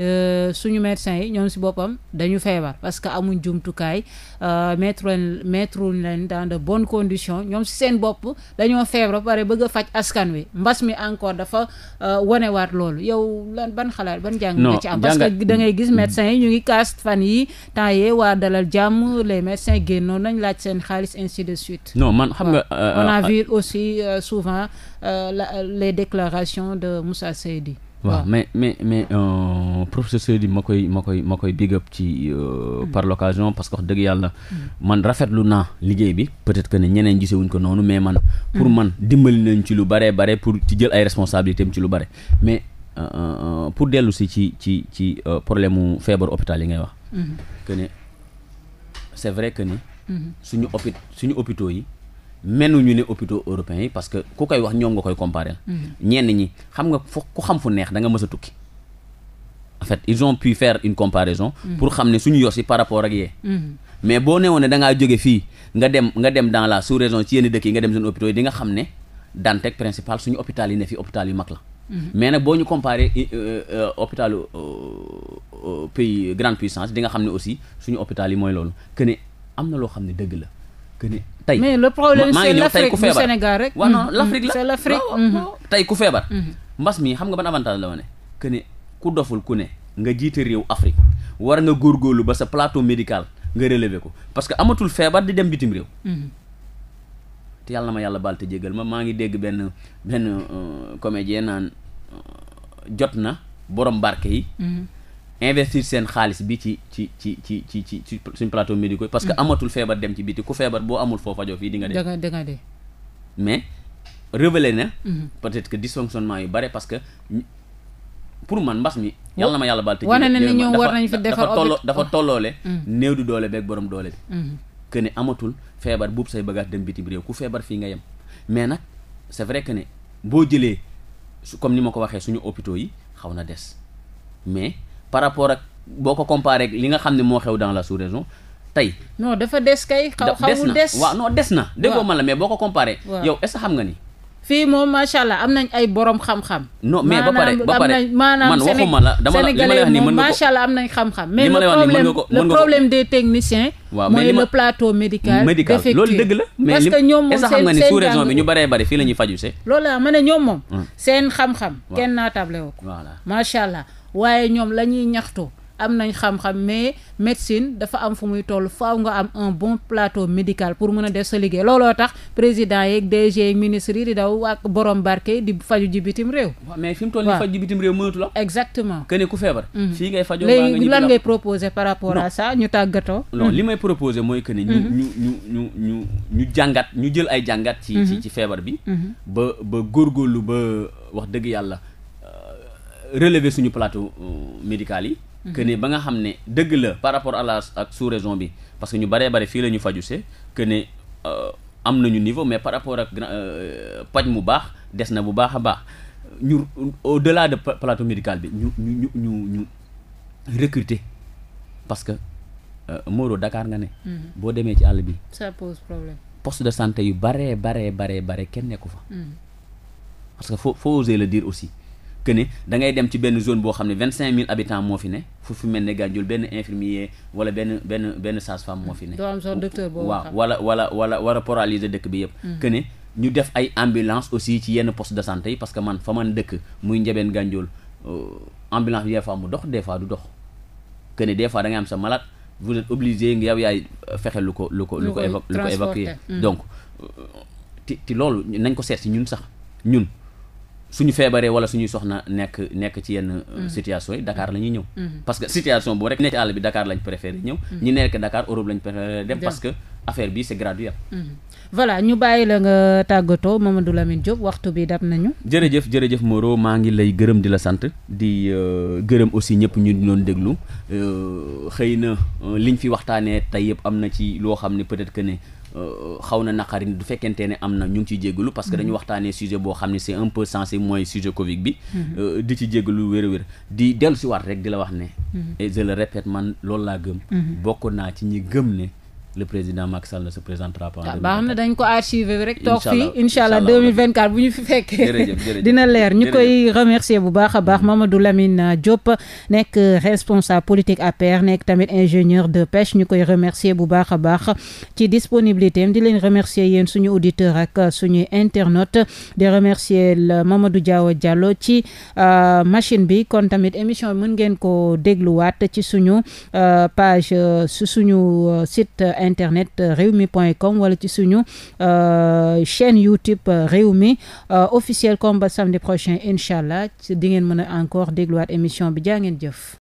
Euh, suñu médecins yi ñoom si boppam dañu feebar parce que amuñ jumtukaay euh, mettre leen mettre leen dans de bonnes conditions ñoom si seen bopp dañoo feebar ba pare bëgg a faj askan wi mbas mi encore dafa euh, wanewaat loolu yow lan ban xalaat ban jàng nga ci am parce que da ngay gis mm-hmm. médecins yi ñu ngi kaas fan yi temps yee waa dalal jàmm les médecins génnoon nañ laaj seen xaalis ainsi de suite non man xam nga on a vu aussi souvent les déclarations de Moussa Seydi waaw mais mais mais euh, professeur Seydi ma koy ma koy ma koy big up ci euh, mm. par l'occasion parce que dëgg yàlla mm. man rafetlu naa liggéey bi peut-être que ne ñeneen gisewuñ ko noonu mais man pour mm. man dimbali nañ ci lu bare bare pour ci jël ay responsabilités ci lu bare mais euh, pour dellu si ci ci ci problème mu feebar hôpital yi ngay wax mm-hmm. que ne c'est vrai que ni mm-hmm. suñu hôpit suñu hôpitaux yi menuñu ne hôpitaux européens yi parce que ku koy wax ñoom nga koy comparer mm. ñenn ñi xam nga fu ku xam fu neex danga nga a tukki en fait ils ont pu faire une comparaison mm. pour xam ne suñu yor si par rapport ak mm. mais boo newoon ne da ngaa jóge fii nga dem nga dem dans la sous-région ci yenn dëkk yi nga dem seen hôpitaux yi nga xam ne Dantec principal suñu hôpital yi ne fii hôpital yu mag la mais nag boo ñu comparé euh, euh, hôpitalu euh, pays grande puissance di nga xam ne aussi suñu hôpital yi mooy loolu que am na loo xam ne dëgg la que ni mm-hmm. la c'est l'Afrique. Mm-hmm. tey ku feebar. Mm-hmm. mbas mi xam nga ban avantage la ma ne. que ni ku doful ku ne nga jiite réew Afrique war nga góorgóorlu ba sa plateau médical nga relever ko parce que amatul feebar di dem bitim réew. te yàlla ma yàlla baal te jégal ma maa ngi dégg benn benn euh, comédien naan euh, jot na borom barke yi. investir seen xaalis bi ci ci ci ci ci ci ci suñ plateau médico parce que mm. amatul feebar dem ci biti ku feebar boo amul foo fajoo fii di nga dee mais révélé na mm-hmm. peut-être que dysfonctionnement yu bare parce que pour man mbas mi yàlla na ma yàlla baal te wane na ni ñoom war nañ fi defar dafa tolloo dafa tolloole mm-hmm. néew du doole beeg borom doole bi mm-hmm. que amatul feebar buub say bagaas dem bi réew ku feebar fii nga yem mais nag c'est vrai que ne boo jëlee comme ni ma ko waxee suñu opito yi xaw na des mais par rapport ak boo ko comparé li nga xam ne moo xew dans la sous-région tey. no dafa des kay. na. déggoo ma la boo ko comparé. yow xam nga ni. fii moom macha allah am nañ ay borom xam-xam. non mais ba pare ba pare man waxuma la la ma lay wax nii mën nga ko macha allah am xam mais le problème le problème des techniciens. waaw mais li ma plateau médical. loolu dëgg la. mais parce que ñoom moom seen seen xam nga ni sous région ñu baree bari fii la ñuy faju see. loolu ma ne hmm. xam-xam. kenn naa table woo ko. voilà allah. waaye ñoom la ñuy ñaxtu am nañ xam-xam mais médecine dafa am fu muy toll faw nga am un bon plateau médical pour mën a def sa liggéey looloo tax président yeeg DG yeeg ministre yi di daw ak borom barke di faju ji bitim réew. mais fi mu toll nii faju ji bitim réew mënatu la. exactement que ne ku feebar. Mm-hmm. fii ngay fajoo baa nga léegi lan ngay proposer par rapport à ça ñu tàggatoo. non li may proposer mooy que ne. Mm-hmm. ñu ñu ñu ñu ñu jàngat ñu jël ay jàngat. ci ci mm-hmm. ci feebar bi. ba ba góorgóorlu ba wax dëgg yàlla. relever suñu plateau euh, médical yi. Mhm. que ne ba nga xam ne dëgg la par rapport à la ak sous-région bi parce que ñu bare bare fii la ñu fajuse que ne euh, am ñu niveau mais par rapport ak euh, paj mu baax des na bu baax a baax ñu au delà de plateau médical bi ñu ñu ñu ñu recruter parce que Moro dakaar nga ne. Mhm. boo demee ci àll bi. ça pose de santé yu baree baree baree bare kenn nekku fa. Mhm. parce que faut faut oser le dire aussi. que ne ngay dem ci benn zone boo xam ne vingt cinq mille habitants moo fi ne foofu mel ne Gànjool benn infirmier wala benn benn benn sage moo fi ne. waaw wala wala wala war dëkk bi yëpp. Hmm. que ñu def ay ambulance aussi ci yenn poste de santé parce que man fa man dëkk muy njabeen Gànjool euh, ambulance bi des fois mu dox des fois du dox que ne des fois da am sa malade. vous êtes obligé nga yow yaay euh, fexe lu ko lu ko lu ko évacuer hmm. donc euh, ti loolu nañ ko seet si ñun sax ñun suñu feebaree wala suñuy soxna nekk nekk ci yenn euh, mm-hmm. situation yi Dakar la ñuy ñëw mm-hmm. parce que situation boobu rek nekk ci àll bi Dakar lañ préféré ñëw mm-hmm. ñi nekk Dakar Europe lañ préféré dem parce que affaire bi c'est graduel voilà ñu bàyyi la nga tàggatoo Mamadou Lamine Diop waxtu bi dab nañu jërëjëf jërëjëf Moreau maa ngi lay gërëm di la sant di euh, gërëm aussi ñëpp ñu doon déglu euh, xëy na li ñu fi waxtaanee tey yëpp am na ci loo xam ne peut-être que ne Euh, xaw na naqari du fekkente ne am na ñu ngi ciy jéggalu parce que dañu mhm. waxtaanee sujet boo xam ne c'est un peu sensible mooy sujet Covid bi mhm. euh, di ci jéggalu wér a wér di dellu si waat rek di la wax ne mhm. et je le répète man loolu laa gëm bokk naa ci ñi gëm ne le président Macky Sall ne se ah, baax na dañ ko archiver rek. toog fii incha bu ñu fi fekkee. dina leer ñu koy remercier bu baax a baax Mamadou Lamine Diop. nekk responsable politique APR nekk tamit ingénieur de pêche ñu koy remercier bu baax a baax ci disponibilité am di leen remercier yéen suñu auditeurs ak suñu internautes di remercier Mamadou Diaw Diallo ci euh, machine bi kon tamit émission mën ngeen ko dégluwaat ci suñu euh, page euh, suñu site. internet euh, réwmi point com wala ci suñu euh, chaîne YouTube euh, réwmi officiel comme ba samedi prochain incha ci di ngeen mën a encore dégluwaat émission bi jaa ngeen jëf.